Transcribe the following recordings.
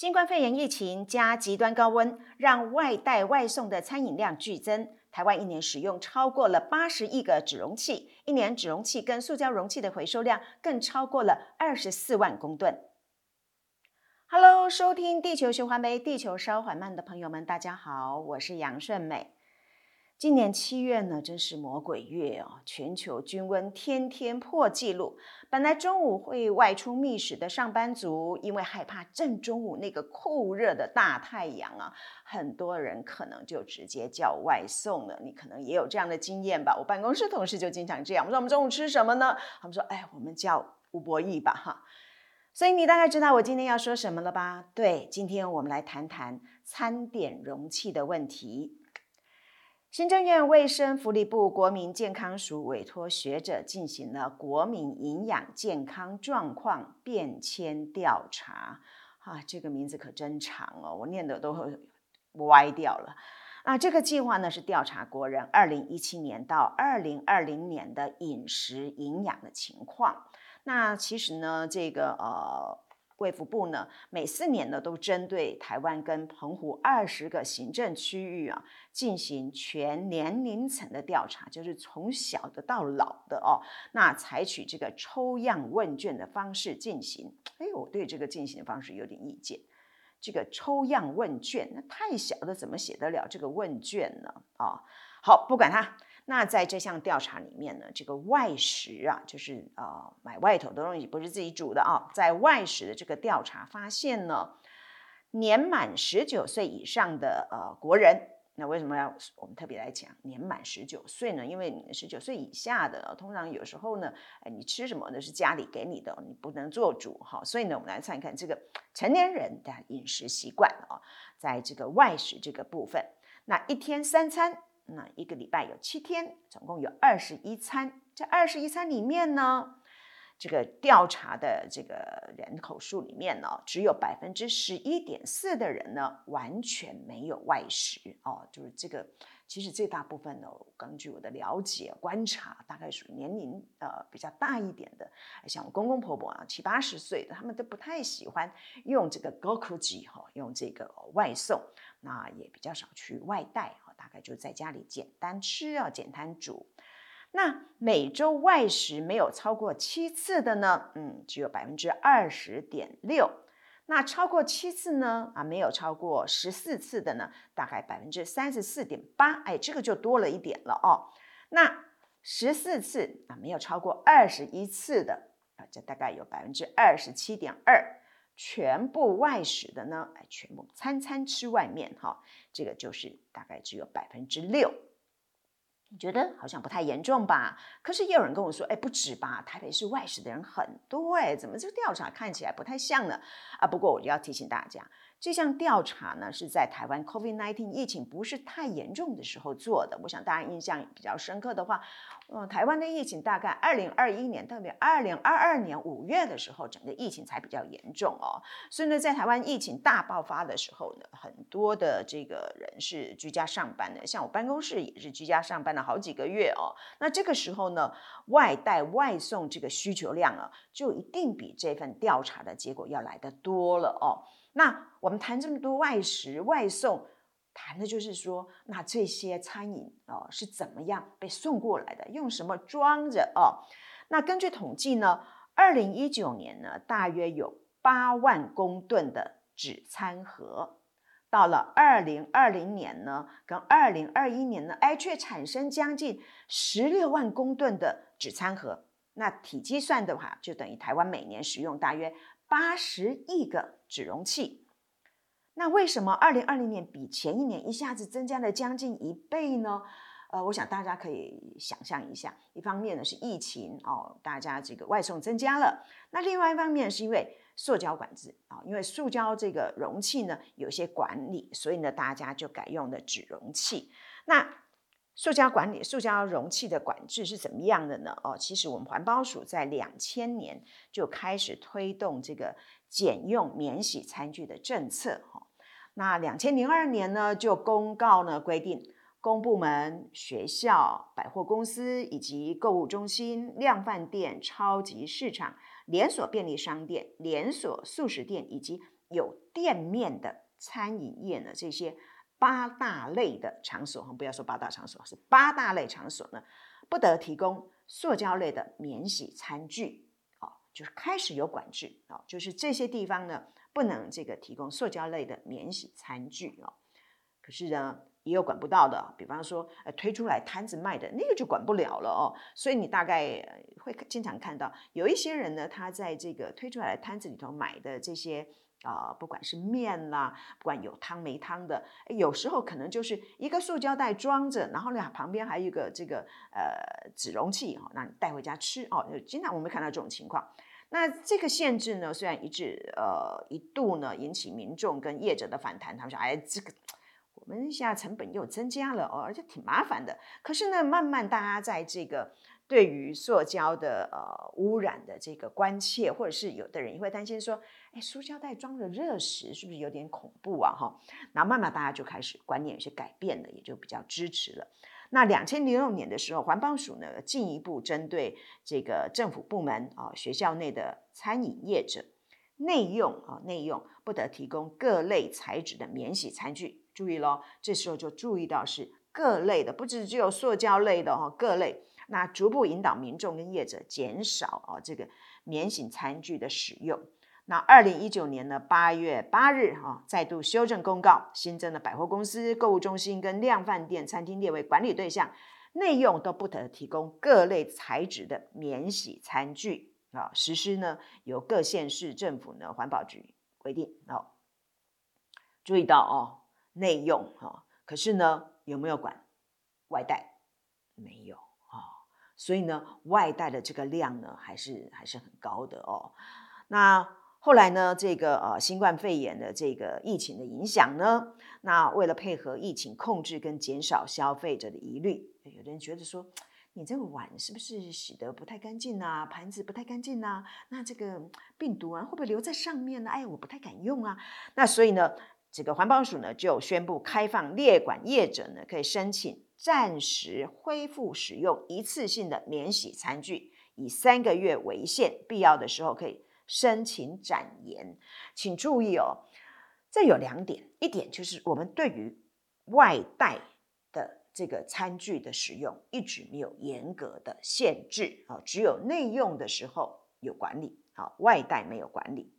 新冠肺炎疫情加極端高溫，讓外帶外送的餐飲量劇增。台灣一年使用超過了八十億個紙容器，一年紙容器跟塑膠容器的回收量更超過了二十四萬公噸。Hello，收聽《地球循環》杯地球稍緩慢的朋友們，大家好，我是楊順美。今年七月呢，真是魔鬼月哦。全球均溫天天破紀錄。本來中午會外出覓食的上班族，因為害怕正中午那個酷熱的大太陽啊，很多人可能就直接叫外送了。你可能也有這樣的經驗吧？我辦公室同事就經常這樣。我說，我們中午吃什麼呢？他們說，哎，我們叫吳柏毅吧，哈。所以你大概知道我今天要說什麼了吧？對，今天我們來談談餐點容器的問題。行政院衛生福利部國民健康署委托學者進行了國民營養健康狀況變遷調查，啊，這個名字可真長哦，我念的都會歪掉了。啊，這個計劃呢，是調查國人二零一七年到二零二零年的飲食營養的情況。那其實呢，這個呃。衛福部呢，每四年呢都針對台灣跟澎湖二十個行政區域啊，進行全年齡層的調查，就是從小的到老的哦，那採取這個抽樣問卷的方式進行。哎呦，我對這個進行的方式有點意見，這個抽樣問卷，那太小的怎麼寫得了這個問卷呢？啊、哦，好，不管它。那在這項調查裡面呢，這個外食啊，就是呃買外頭的東西，不是自己煮的啊。在外食的這個調查發現呢，年滿十九歲以上的呃國人，那為什麼要我們特別來講年滿十九歲呢？因為你十九歲以下的，通常有時候呢，哎，你吃什麼呢？是家裡給你的，你不能做主哈、哦。所以呢，我們來看一看這個成年人的飲食習慣啊、哦，在這個外食這個部分，那一天三餐。那一個禮拜有七天，總共有二十一餐。這二十一餐裡面呢，這個調查的這個人口數裡面呢，只有百分之十一點四的人呢，完全沒有外食哦，就是這個其實最大部分呢，哦，根據我的了解觀察，大概屬於年齡呃比較大一點的，像我公公婆婆啊七八十歲的，他們都不太喜歡用這個高科技哈，用這個外送，那也比較少去外帶，大概就在家裡簡單吃，啊，要簡單煮。那每周外食沒有超過七次的呢？嗯，只有百分之二十點六。那超過七次呢？啊，沒有超過十四次的呢，大概百分之三十四點八。哎，這個就多了一點了哦。那十四次啊，沒有超過二十一次的啊，這大概有百分之二十七點二。全部外食的呢？哎，全部餐餐吃外面哈，這個就是大概只有百分之六。你覺得好像不太嚴重吧？可是也有人跟我說，哎，不止吧，台北市外食的人很多欸，哎，怎麼這個調查看起來不太像呢？啊，不過我就要提醒大家。這項調查呢是在台灣 COVID-19 疫情不是太嚴重的時候做的。我想大家印象比較深刻的話，呃，台灣的疫情大概二零二一年，特別二零二二年五月的時候，整個疫情才比較嚴重哦。所以呢，在台灣疫情大爆發的時候呢，很多的這個人是居家上班的，像我辦公室也是居家上班了好幾個月哦。那這個時候呢，外帶外送這個需求量啊，就一定比這份調查的結果要來得多了哦。那我們談這麼多外食外送，談的就是說，那這些餐飲哦是怎麼樣被送過來的？用什麼裝着哦？那根據統計呢，二零一九年呢，大約有八萬公噸的紙餐盒；到了二零二零年呢，跟二零二一年呢，哎，卻產生將近十六萬公噸的紙餐盒。那體積算的話，就等於台灣每年使用大約，八十億個紙容器，那為什麼二零二零年比前一年一下子增加了將近一倍呢？呃，我想大家可以想象一下，一方面呢是疫情哦，大家這個外送增加了；那另外一方面是因為塑膠管制啊，哦，因為塑膠這個容器呢有些管理，所以呢大家就改用的紙容器。那塑膠管理、塑膠容器的管制是怎麼樣的呢？哦，其實我們環保署在兩千年就開始推動這個減用免洗餐具的政策。哈，那兩千零二年呢，就公告呢，規定，公部門、學校、百貨公司以及購物中心、量販店、超級市場、連鎖便利商店、連鎖速食店以及有店面的餐飲業呢，這些。八大類的場所，不要說八大場所，是八大類場所呢，不得提供塑膠類的免洗餐具哦，就是開始有管制啊，就是這些地方呢，不能這個提供塑膠類的免洗餐具哦。可是呢，也有管不到的，比方說，呃，推出來攤子賣的那個就管不了了哦。所以你大概會經常看到有一些人呢，他在這個推出來的攤子裡頭買的這些。啊、呃，不管是麵啦，不管有湯沒湯的，誒有時候可能就是一個塑膠袋裝着，然後呢，旁邊還有一個這個呃紙容器哈，那、哦、你帶回家吃哦。就經常我們看到這種情況。那這個限制呢，雖然一直呃一度呢引起民眾跟業者的反彈，他們說哎這個我們現在成本又增加了哦，而且挺麻煩的。可是呢，慢慢大家在這個。對於塑膠的呃污染的這個關切，或者是有的人也會擔心說，哎，誒，塑膠袋裝着熱食是不是有點恐怖啊？哈，那慢慢大家就開始觀念有些改變了，也就比較支持了。那兩千零六年的時候，環保署呢進一步針對這個政府部門啊、學校內的餐飲業者內用啊內用不得提供各類材質的免洗餐具。注意嘍，這時候就注意到是各類的，不只只有塑膠類的哈，哦，各類。那逐步引導民眾跟業者減少啊這個免洗餐具的使用。那二零一九年的八月八日哈、啊，再度修正公告，新增了百貨公司、購物中心跟量販店、餐廳列為管理對象，內用都不得提供各類材質的免洗餐具啊。實施呢由各縣市政府呢環保局規定哦。注意到哦，內用哈、哦，可是呢有沒有管外帶？沒有。所以呢，外帶的這個量呢，還是還是很高的哦。那後來呢，這個呃新冠肺炎的這個疫情的影響呢，那為了配合疫情控制跟減少消費者的疑慮，有人覺得說，你這個碗是不是洗得不太乾淨吶、啊？盤子不太乾淨吶、啊？那這個病毒啊會不會留在上面呢？哎，我不太敢用啊。那所以呢，這個環保署呢就宣布開放列管業者呢可以申請。暫時恢復使用一次性的免洗餐具，以三個月為限，必要的時候可以申請展延。請注意哦，這有兩點：一點就是我們對於外帶的這個餐具的使用一直沒有嚴格的限制啊，只有內用的時候有管理，外帶沒有管理。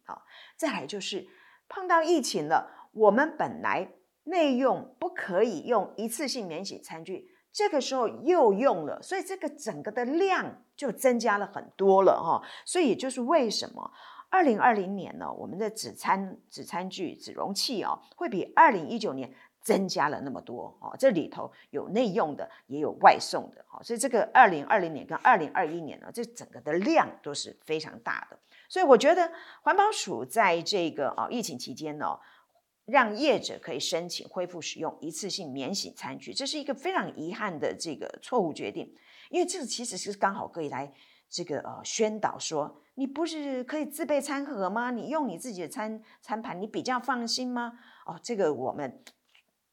再來就是碰到疫情了，我們本來。內用不可以用一次性免洗餐具，這個時候又用了，所以這個整個的量就增加了很多了哈，所以也就是為什麼二零二零年呢，我們的紙餐、紙餐具、紙容器哦，會比二零一九年增加了那麼多哦。這裡頭有內用的，也有外送的哈，所以這個二零二零年跟二零二一年呢，這整個的量都是非常大的。所以我覺得環保署在這個啊疫情期間呢。讓業者可以申請恢復使用一次性免洗餐具，這是一個非常遺憾的這個錯誤決定，因為這其實是剛好可以來這個呃宣導說，你不是可以自備餐盒嗎？你用你自己的餐餐盤，你比較放心嗎？哦，這個我們。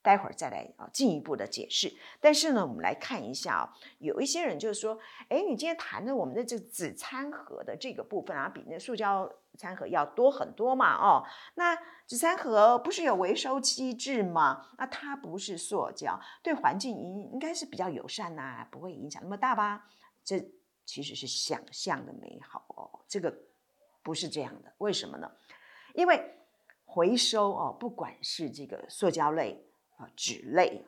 待會兒再來啊、哦，進一步的解釋。但是呢，我們來看一下、哦、有一些人就是說，哎，你今天談的我們的這個紙餐盒的這個部分啊，比那塑膠餐盒要多很多嘛，哦，那紙餐盒不是有回收機制嗎？那它不是塑膠，對環境應應該是比較友善吶、啊，不會影響那麼大吧？這其實是想象的美好哦，這個不是這樣的。為什麼呢？因為回收哦，不管是這個塑膠類。啊、紙類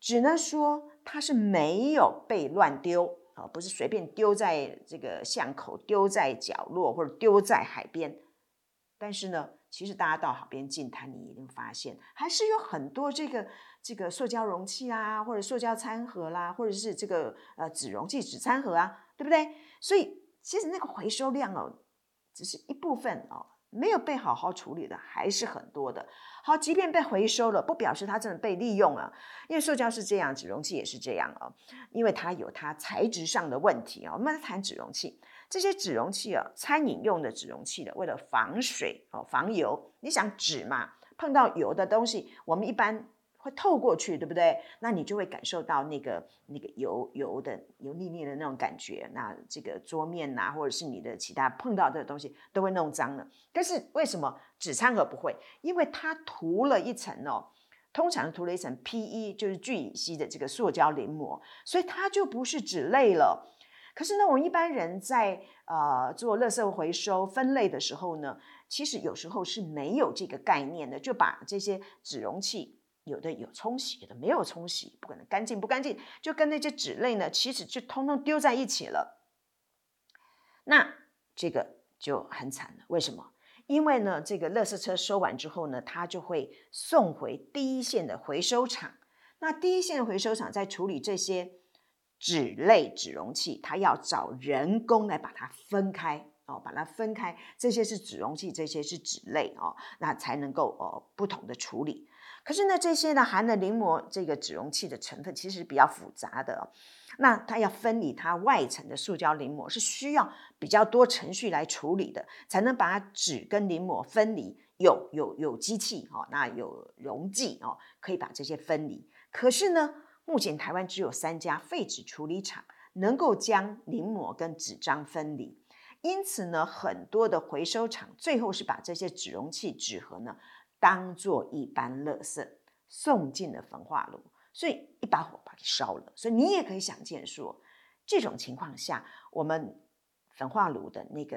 只能說它是沒有被亂丟啊，不是隨便丟在這個巷口，丟在角落或者丟在海邊。但是呢，其實大家到海邊淨灘，你一定發現還是有很多這個這個塑膠容器啊，或者塑膠餐盒啦，或者是這個呃紙容器，紙餐盒啊，對不對？所以其實那個回收量哦，只是一部分哦。沒有被好好處理的還是很多的。好，即便被回收了，不表示它真的被利用了，啊，因為塑膠是這樣子，容器也是這樣哦，因為它有它材質上的問題哦，我們談紙容器，這些紙容器哦，啊，餐飲用的紙容器的，為了防水哦，防油，你想紙嘛，碰到油的東西，我們一般。透過去，對不對？那你就會感受到那個那個油油的油膩膩的那種感覺。那這個桌面吶、啊，或者是你的其他碰到的東西，都會弄髒了。但是為什麼紙餐盒不會？因為它塗了一層哦，通常塗了一層 PE，就是聚乙烯的這個塑膠淋膜，所以它就不是紙類了。可是呢，我們一般人在呃做垃圾回收分類的時候呢，其實有時候是沒有這個概念的，就把這些紙容器。有的有沖洗，有的沒有沖洗，不管它乾淨不乾淨，就跟那些紙類呢，其實就通通丟，丟在一起了。那這個就很慘了。為什麼？因為呢，這個垃圾車收完之後呢，它就會送回第一線的回收廠。那第一線的回收廠在處理這些紙類、紙容器，它要找人工來把它分開哦，把它分開，這些是紙容器，這些是紙類哦，那才能夠哦不同的處理。可是呢，這些呢含了淋膜這個紙容器的成分其實比較複雜的哦，那它要分離它外層的塑膠淋膜是需要比較多程序來處理的，才能把紙跟淋膜分離。有有有機器哦，那有溶劑哦，可以把這些分離。可是呢，目前台灣只有三家廢紙處理廠能夠將淋膜跟紙張分離，因此呢，很多的回收廠最後是把這些紙容器紙盒呢。當做一般垃圾送進了焚化爐，所以一把火把它燒了。所以你也可以想見說，這種情況下，我們焚化爐的那個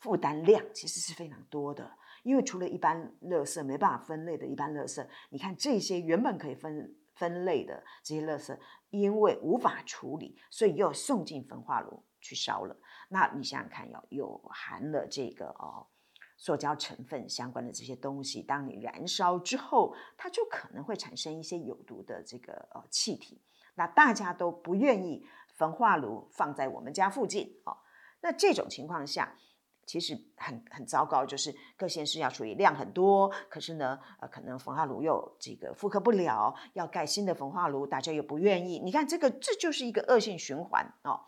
負擔量其實是非常多的。因為除了一般垃圾沒辦法分類的一般垃圾，你看這些原本可以分分類的這些垃圾，因為無法處理，所以又送進焚化爐去燒了。那你想想看，有有含了這個哦。塑膠成分相關的這些東西，當你燃燒之後，它就可能會產生一些有毒的這個呃、哦、氣體。那大家都不願意焚化爐放在我們家附近哦，那這種情況下，其實很很糟糕，就是各縣市要處理量很多，可是呢，呃，可能焚化爐又這個負荷不了，要蓋新的焚化爐，大家又不願意。你看，這個這就是一個惡性循環哦。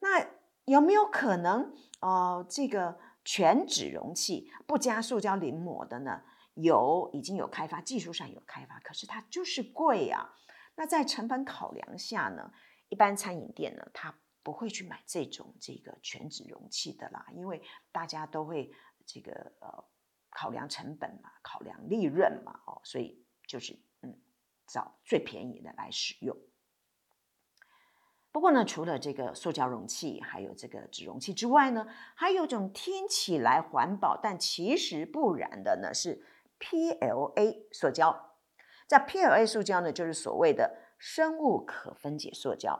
那有沒有可能，呃、哦，這個，全紙容器不加塑膠淋膜的呢，有已經有開發，技術上有開發，可是它就是貴啊。那在成本考量下呢，一般餐飲店呢，它不會去買這種這個全紙容器的啦，因為大家都會這個呃考量成本嘛，考量利潤嘛，哦，所以就是嗯找最便宜的來使用。不過呢，除了這個塑膠容器，還有這個紙容器之外呢，還有一種聽起來環保，但其實不然的呢，是 PLA 塑膠。在 PLA 塑膠呢，就是所謂的生物可分解塑膠。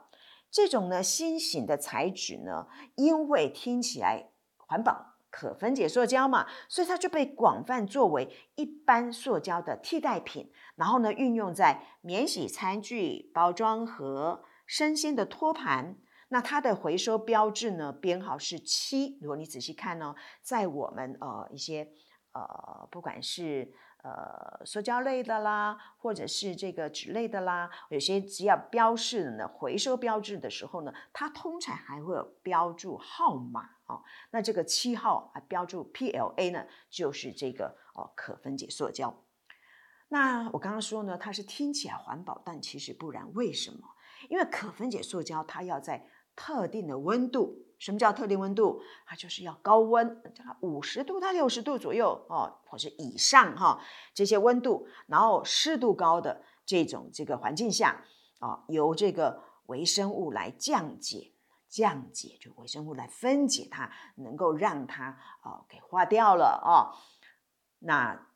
這種呢新型的材質呢，因為聽起來環保、可分解塑膠嘛，所以它就被廣泛作為一般塑膠的替代品，然後呢運用在免洗餐具、包裝盒。生鮮的托盤，那它的回收標誌呢？編號是七。如果你仔細看呢，哦，在我們呃一些呃，不管是呃塑膠類的啦，或者是這個紙類的啦，有些只要標示的呢回收標誌的時候呢，它通常還會有標註號碼哦，那這個七號啊，標註 PLA 呢，就是這個哦可分解塑膠。那我剛剛說呢，它是聽起來環保，但其實不然，為什麼？因為可分解塑膠，它要在特定的溫度。什麼叫特定溫度？它就是要高溫，五十度到六十度左右哦，或者以上哈，哦，這些溫度，然後濕度高的這種這個環境下，哦，由這個微生物來降解，降解就微生物來分解它，能夠讓它哦給化掉了哦。那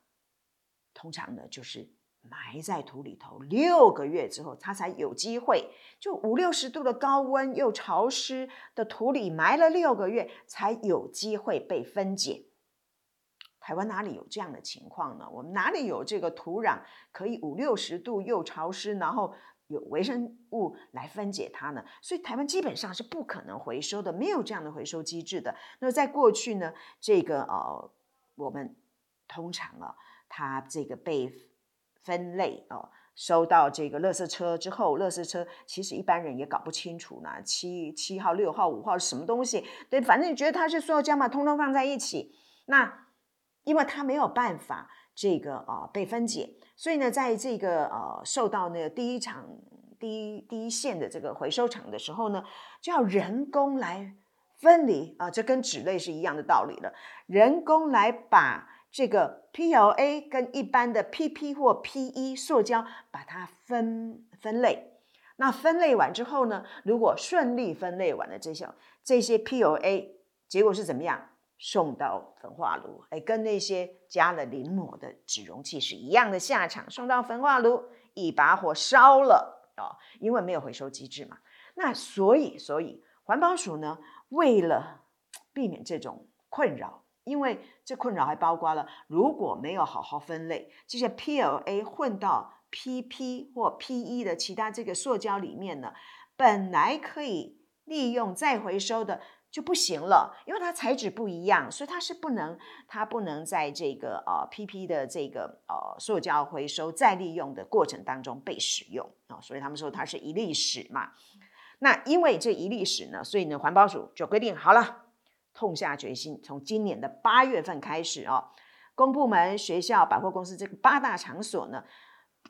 通常呢就是。埋在土裡頭六個月之後，它才有機會。就五六十度的高溫又潮濕的土裡埋了六個月，才有機會被分解。台灣哪裡有這樣的情況呢？我們哪裡有這個土壤可以五六十度又潮濕，然後有微生物來分解它呢？所以台灣基本上是不可能回收的，沒有這樣的回收機制的。那在過去呢，這個呃、哦，我們通常啊、哦，它這個被。分類哦，收到這個垃圾車之後，垃圾車其實一般人也搞不清楚呢。七七號、六號、五號是什麼東西？對，反正你覺得它是塑膠嘛，通通放在一起。那因為它沒有辦法這個啊、哦、被分解，所以呢，在這個呃、哦、受到那個第一場第一第一線的這個回收場的時候呢，就要人工來分離啊。這跟紙類是一樣的道理的，人工來把。這個 PLA 跟一般的 PP 或 PE 塑膠，把它分分類。那分類完之後呢，如果順利分類完了這些這些 PLA，結果是怎麼樣？送到焚化爐，哎，跟那些加了淋膜的紙容器是一樣的下場，送到焚化爐一把火燒了啊、哦！因為沒有回收機製嘛。那所以，所以環保署呢，為了避免這種困擾。因為這困擾還包括了，如果沒有好好分類，這些 PLA 混到 PP 或 PE 的其他這個塑膠裡面呢，本來可以利用再回收的就不行了，因為它材質不一樣，所以它是不能，它不能在這個呃 PP 的這個呃塑膠回收再利用的過程當中被使用啊、哦，所以他們說它是一粒屎嘛。那因為這一粒屎呢，所以呢環保署就規定好了。痛下決心，從今年的八月份開始哦，公部門、學校、百貨公司這個八大場所呢，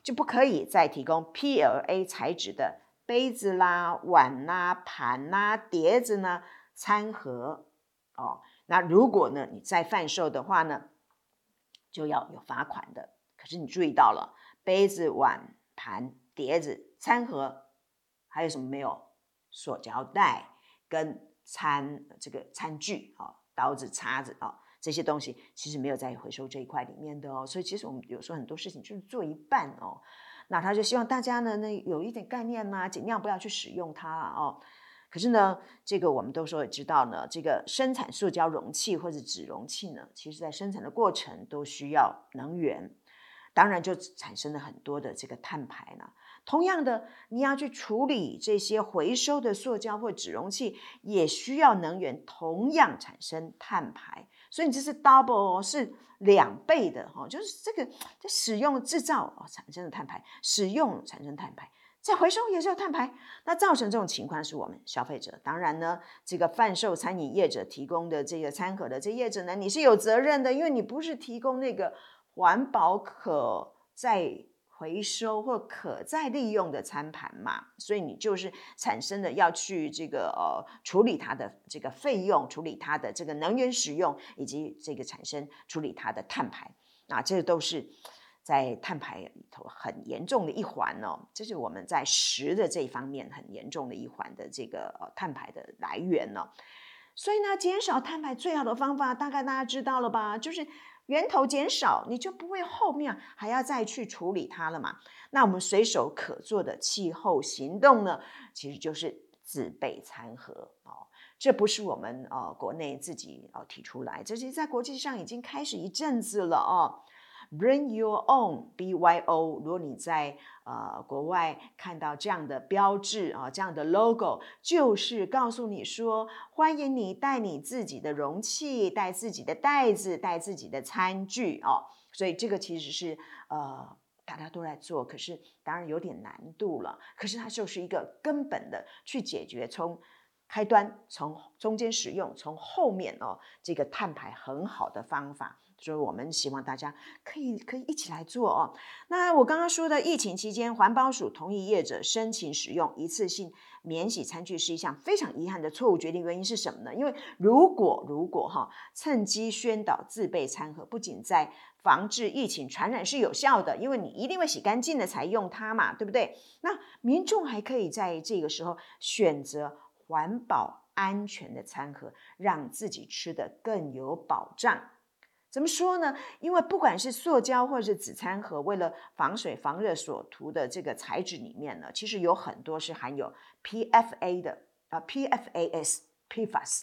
就不可以再提供 PLA 材質的杯子啦、碗啦、盤啦、碟子呢、餐盒哦。那如果呢你在販售的話呢，就要有罰款的。可是你注意到了，杯子、碗、盤、碟子、餐盒，還有什麼沒有？塑膠袋跟。餐這個餐具啊、哦，刀子、叉子啊、哦，這些東西其實沒有在回收這一塊裡面的哦。所以其實我們有時候很多事情就是做一半哦。那他就希望大家呢，那有一點概念吶、啊，盡量不要去使用它、啊、哦。可是呢，這個我們都說也知道呢，這個生產塑膠容器或者紙容器呢，其實在生產的過程都需要能源，當然就產生了很多的這個碳排呢。同樣的，你要去處理這些回收的塑膠或紙容器，也需要能源，同樣產生碳排。所以你這是 double，是兩倍的哈，就是這個在使用制造產生的碳排，使用產生碳排，再回收也是有碳排。那造成這種情況是我們消費者，當然呢，這個販售餐飲業者提供的這個餐盒的這業者呢，你是有責任的，因為你不是提供那個環保可再。回收或可再利用的餐盤嘛，所以你就是產生了要去這個呃、哦、處理它的這個費用，處理它的這個能源使用，以及這個產生處理它的碳排，那這都是在碳排裡頭很嚴重的一環哦。這是我們在食的這一方面很嚴重的一環的這個碳排的來源哦。所以呢，減少碳排最好的方法，大概大家知道了吧？就是。源頭減少，你就不會後面還要再去處理它了嘛。那我們隨手可做的氣候行動呢，其實就是自備餐盒哦。這不是我們呃、哦、國內自己哦提出來，這是在國際上已經開始一陣子了哦。Bring your own BYO，如果你在。呃，國外看到這樣的標誌啊，哦，這樣的 logo 就是告訴你說，歡迎你帶你自己的容器，帶自己的袋子，帶自己的餐具哦。所以這個其實是呃，大家都在做，可是當然有點難度了。可是它就是一個根本的去解決從開端、從中間使用、從後面哦這個碳排很好的方法。所以，我們希望大家可以可以一起來做哦。那我剛剛說的，疫情期間環保署同意業者申請使用一次性免洗餐具是一項非常遺憾的錯誤決定。原因是什麼呢？因為如果如果哈、啊，趁機宣導自備餐盒，不僅在防治疫情傳染是有效的，因為你一定會洗乾淨了才用它嘛，對不對？那民眾還可以在這個時候選擇環保安全的餐盒，讓自己吃得更有保障。怎麼說呢？因為不管是塑膠或者是紙餐盒，為了防水、防熱所塗的這個材質裡面呢，其實有很多是含有 PFA 的啊，PFAS、PFAS，PF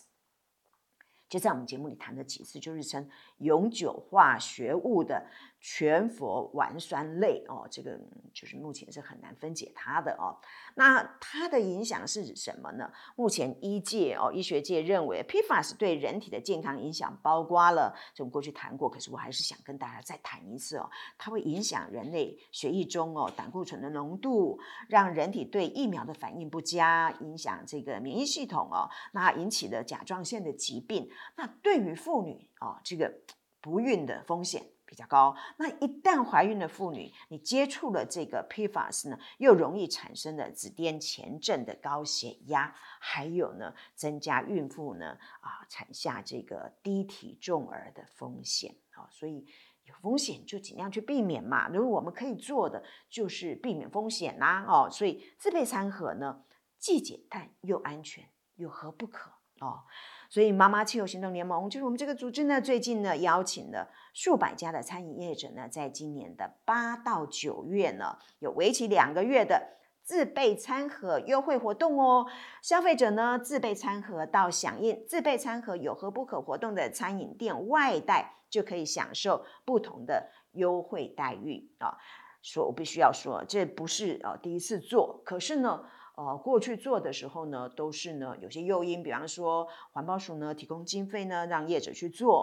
就在我們節目裡談了幾次，就是稱永久化學物的。全氟烷酸類哦，這個就是目前是很難分解它的哦。那它的影響是指什麼呢？目前醫界哦，醫學界認為 PFAS 對人體的健康影響包括了，我們過去談過，可是我還是想跟大家再談一次哦。它會影響人類血液中哦膽固醇的濃度，讓人體對疫苗的反應不佳，影響這個免疫系統哦。那它引起的甲狀腺的疾病，那對於婦女哦，這個不孕的風險。比較高，那一旦懷孕的婦女，你接觸了這個 PFAS 呢，又容易產生了子癇前症的高血壓，還有呢，增加孕婦呢啊產下這個低體重兒的風險啊、哦，所以有風險就盡量去避免嘛。如果我們可以做的，就是避免風險啦哦，所以自備餐盒呢，既簡單又安全，有何不可哦？所以，媽媽氣候行動聯盟就是我們這個組織呢，最近呢，邀請了數百家的餐飲業者呢，在今年的八到九月呢，有為期兩個月的自備餐盒優惠活動哦。消費者呢，自備餐盒到響應自備餐盒有何不可？活動的餐飲店外帶就可以享受不同的優惠待遇啊。所以我必須要說，這不是呃第一次做，可是呢。呃，過去做的時候呢，都是呢有些誘因，比方說環保署呢提供經費呢，讓業者去做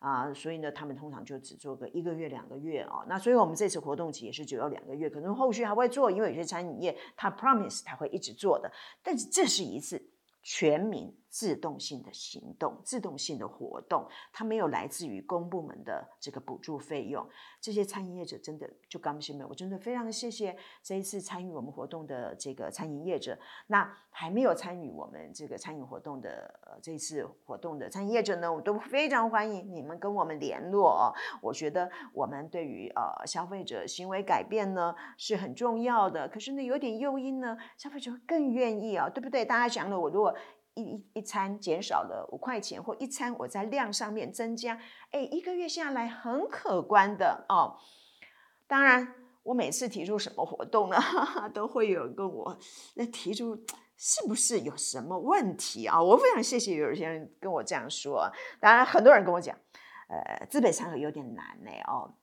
哦，啊、呃，所以呢他們通常就只做個一個月兩個月哦，那所以我們這次活動期也是只有兩個月，可能後續還會做，因為有些餐飲業他 promise 他會一直做的，但是這是一次全民。自動性的行動、自動性的活動，它沒有來自於公部門的這個補助費用。這些餐飲業者真的，就剛先生，我真的非常的謝謝這一次參與我們活動的這個餐飲業者。那還沒有參與我們這個餐飲活動的呃，這一次活動的餐飲業者呢，我都非常歡迎你們跟我們聯絡哦。我覺得我們對於呃消費者行為改變呢是很重要的。可是呢，有點誘因呢，消費者會更願意啊、哦，對不對？大家講了，我如果。一一一餐減少了五塊錢，或一餐我在量上面增加，哎，一個月下來很可觀的哦。當然，我每次提出什麼活動呢，哈哈，都會有跟我那提出，是不是有什麼問題啊？我非常謝謝有些人跟我這樣說。當然，很多人跟我講，呃，資本上有點難嘞、哎、哦。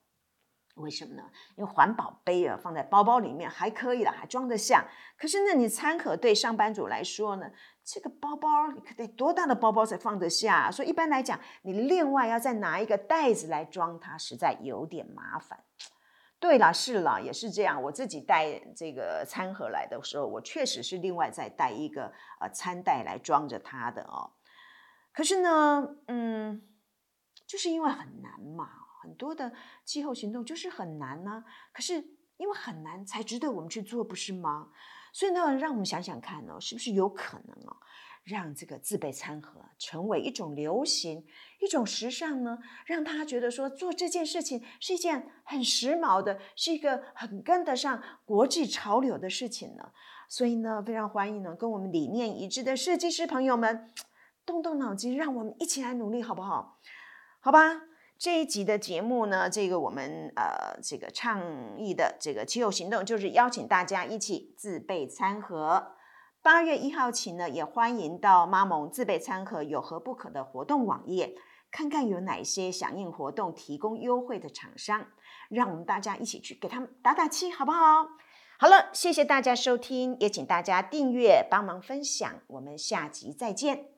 為什麼呢？因為環保杯啊，放在包包裡面還可以了，還裝得下。可是呢，你餐盒對上班族來說呢？這個包包你可得多大的包包才放得下啊？所以，一般來講，你另外要再拿一個袋子來裝它，實在有點麻煩。對了，是了，也是這樣。我自己帶這個餐盒來的時候，我確實是另外再帶一個呃餐袋來裝着它的哦。可是呢，嗯，就是因為很難嘛。很多的氣候行動就是很難呢，可是因為很難才值得我們去做，不是嗎？所以呢，讓我們想想看呢，是不是有可能哦，讓這個自備餐盒成為一種流行、一種時尚呢？讓他覺得說做這件事情是一件很時髦的，是一個很跟得上國際潮流的事情呢？所以呢，非常歡迎呢，跟我們理念一致的設計師朋友們動動腦筋，讓我們一起來努力，好不好？好吧。這一集的節目呢，這個我們呃這個倡議的這個“氣候行動”，就是邀請大家一起自備餐盒。八月一號起呢，也歡迎到媽盟自備餐盒有何不可的活動網頁，看看有哪些響應活動提供優惠的廠商，讓我們大家一起去給他們打打氣，好不好？好了，謝謝大家收聽，也請大家訂閱、幫忙分享，我們下集再見。